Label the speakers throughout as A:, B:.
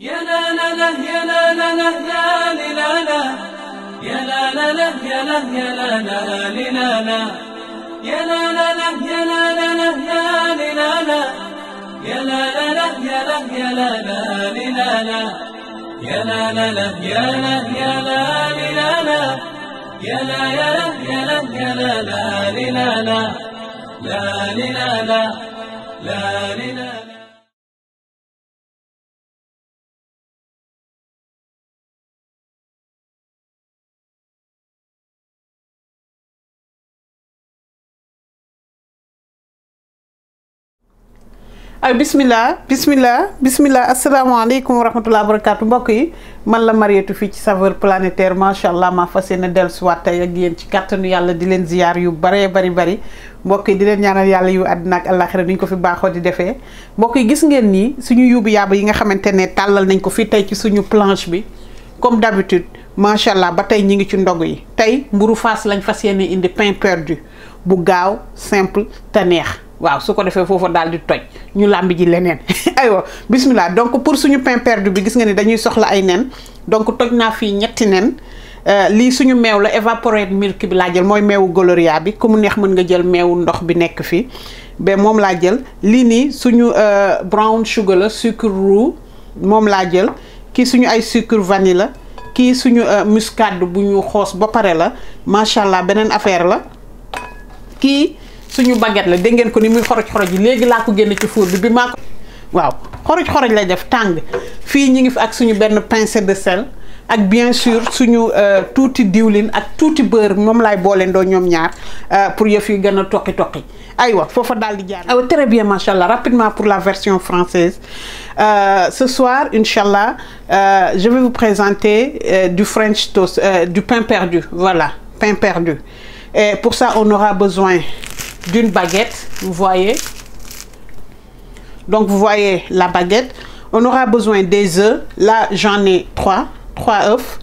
A: يا لا لا لا يا لا لا لا لا لا لا يا لا لا لا يا لا يا لا لا لا لا يا لا لا لا يا لا لا لا لا لا لا يا لا لا لا يا لا يا لا لا لا لا يا لا لا لا يا لا يا لا لا لا يا لا يا لا يا لا يا لا لا لا لا لا لا لا لا لا ay bismillah bismillah bismillah asalaamaaleykum wa rahmatulah barakaatu mbokk yi man la Mariétou fii ci saveur planétaire macha allah ma fas yéene dellusiwaat tey ak yéen ci kàttanu yàlla di leen ziyaar yu baree bari bari mbokk yi di leen ñaanal yàlla yu àddina ak àllaaxira ni ñu ko fi baaxoo di defee mbokk yi gis ngeen nii suñu yuubu yaaba yi nga xamante ne tàllal nañ ko fii tey ci suñu planche bi comme d'habitude macha allah ba tey ñi ngi ci ndog yi tey mburu faas lañ fas yéene indi pain perdu bu gaaw simple te neex. waaw su ko defee foofa daal di toj ñu làmb ji leneen aywa bismillah donc pour suñu pain perdu bi gis nga ni dañuy soxla ay nen donc toj naa fii ñetti nen euh, lii suñu meew la évaporate milk bi laa jël mooy meewu gloria bi ku mu neex mën nga jël meewu ndox bi nekk fi ba moom laa jël lii nii suñu euh, brown sugar la sucre roux moom laa jël kii suñu ay sucre vanilla la kii suñu euh, muscade bu ñu xoos ba pare la macha allah beneen affaire la kii suñu baguette la de sel bien sûr euh, beurre euh, pour très bien rapidement pour la version française euh, ce soir une euh, je vais vous présenter du French toast du pain perdu voilà pain perdu et pour ça on aura besoin d'une baguette, vous voyez. Donc, vous voyez la baguette. On aura besoin des œufs. Là, j'en ai trois, trois œufs.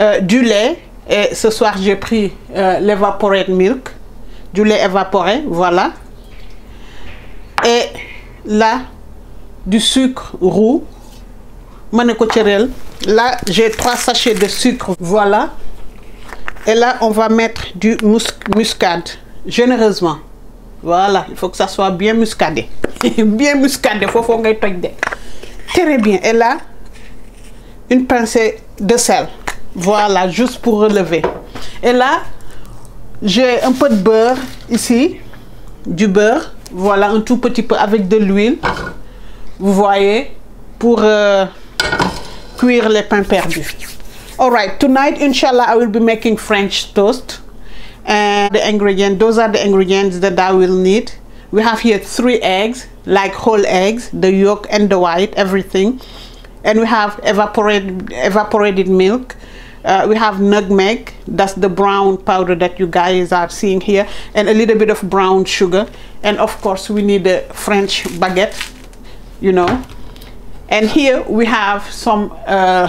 A: Euh, du lait. Et ce soir, j'ai pris euh, de milk. Du lait évaporé, voilà. Et là, du sucre roux. Là, j'ai trois sachets de sucre, voilà. Et là, on va mettre du muscade, généreusement voilà il faut que ça soit bien muscadé bien muscadé Faut ngay de très bien et là une pincée de sel voilà juste pour relever et là j'ai un peu de beurre ici du beurre voilà un tout petit peu avec de l'huile vous voyez pour euh, cuire les pains perdus all tonight inshallah I will be making French toast and the ingredient those are the ingredients that I will need we have here three eggs like whole eggs the yolk and the white everything and we have evaporated evaporated milk uh, we have nutmeg that's the brown powder that you guys are seeing here and a little bit of brown sugar and of course we need a french baguette you know and here we have some uh,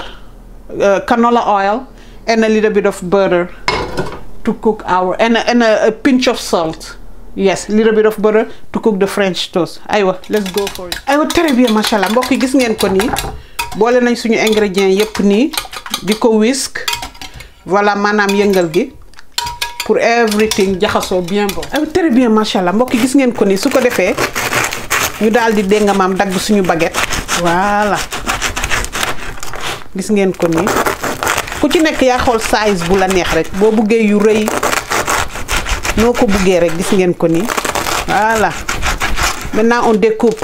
A: uh, canola oil and a little bit of butter to cook our and, and a, a pinch of salt yes little bit of butter to cook the french toast aywa let's go for it aywa très bien machallah mbokk gis ngeen ko ni boole nañ suñu ingrédients yépp ni diko whisk voilà manam yëngal gi pour everything jaxaso bien bon aywa très bien machallah mbokk gis ngeen ko ni suko ko defé ñu daldi dénga mam dag suñu baguette voilà gis ngeen ko ni ku ci nekk yaa xool size bu la neex rek boo buggee yu rëy noo ko buggee rek gis ngeen ko nii voilà naa on découpe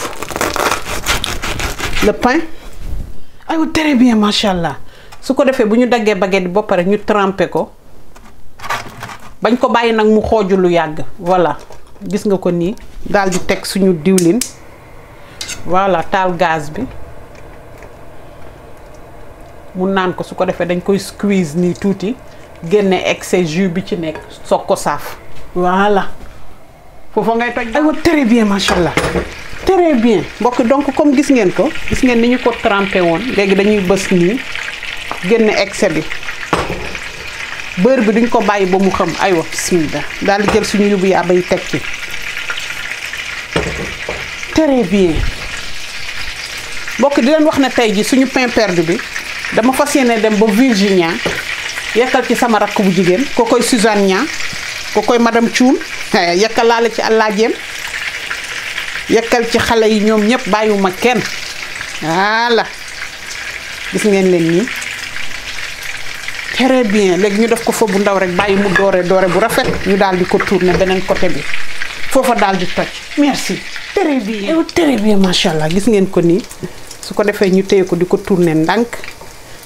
A: le pain aywa très bien macha allah su ko defee bu ñu daggee baguette ba pare ñu tremper ko bañ ko bàyyi nag mu xooju lu yàgg voilà gis nga ko nii daal di teg suñu diwlin voilà taal gaz bi. mu naan ko su ko defee dañ koy squeeze nii tuuti génne excès jus bi ci nekk soog ko saaf. voilà foofa ngay toj. aywa très bien macha allah très bien mbokk donc comme gis ngeen ko gis ngeen ni ñu ko trempé woon léegi dañuy bës nii génne excès bi bër bi duñ ko bàyyi ba mu xam aywa bismillah dal di jël suñu yóbbu yàlla bay teg ci très bien mbokk di leen wax na tey ji suñu pain perdu bi. dama fas yéene dem ba Virginia yekkal ci sama rakk bu jigéen ko koy Suzanne ko koy madame Thioune yekkal laa la ci àllaajeem yekkal ci xale yi ñoom ñëpp bàyyiwuma kenn voilà gis ngeen leen nii très bien léegi ñu def ko fa bu ndaw rek bàyyi mu doore doore bu rafet ñu daal di ko tourner beneen côté bi foofa daal di toj merci très bien eh très bien macha allah gis ngeen ko nii su ko defee ñu téye ko di ko tourner ndànk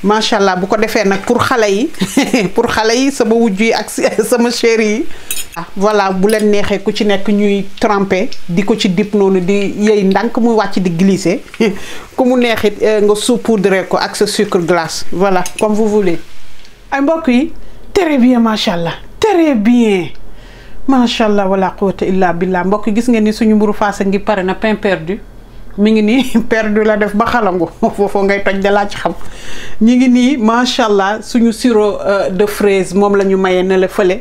A: macha allah bu ko defee nak pour xalé yi pour xalé yi sama wujj ak sama chéri ah, voilà bu len nexé ku ci nek ñuy trempé di ko ci dip noonu di yey ndank muy wacc di glisser ku mu neexit eh, nga saupoudré ko ak sa sucre glace voilà comme vous voulez. ay mbok yi très bien macha allah très bien macha allah wala quwwata illa billah mbokk gis ngeen ni suñu mburu faasa ngi paré na pain perdu. mi ngi nii perdu la def ba xalangu foofu ngay toj da laa ci xam ñi ngi nii macha allah suñu sirop euh, de fraise moom la ñu maye na la fële.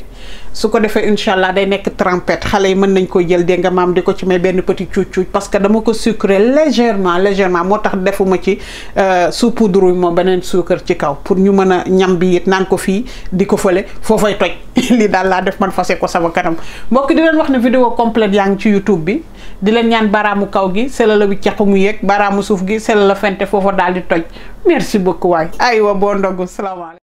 A: su ko defee allah day nek trompette xalé yi mën nañ ko jël dégg nga maam ko ci may benn petit cuuc parce que dama ko sucrer légèrement légèrement motax defuma ci euh, poudre mo benen sucre ci kaw pour ñu mëna ñam bi yit nan ko fi diko ko fële toj li dal la def man fassé ko sama kanam mbokk di len wax vidéo complète ci youtube bi di len ñaan baramu kaw gi sela la wi mu yek baramu suuf gi fente fofu dal di toj merci beaucoup waay aywa bo ndogu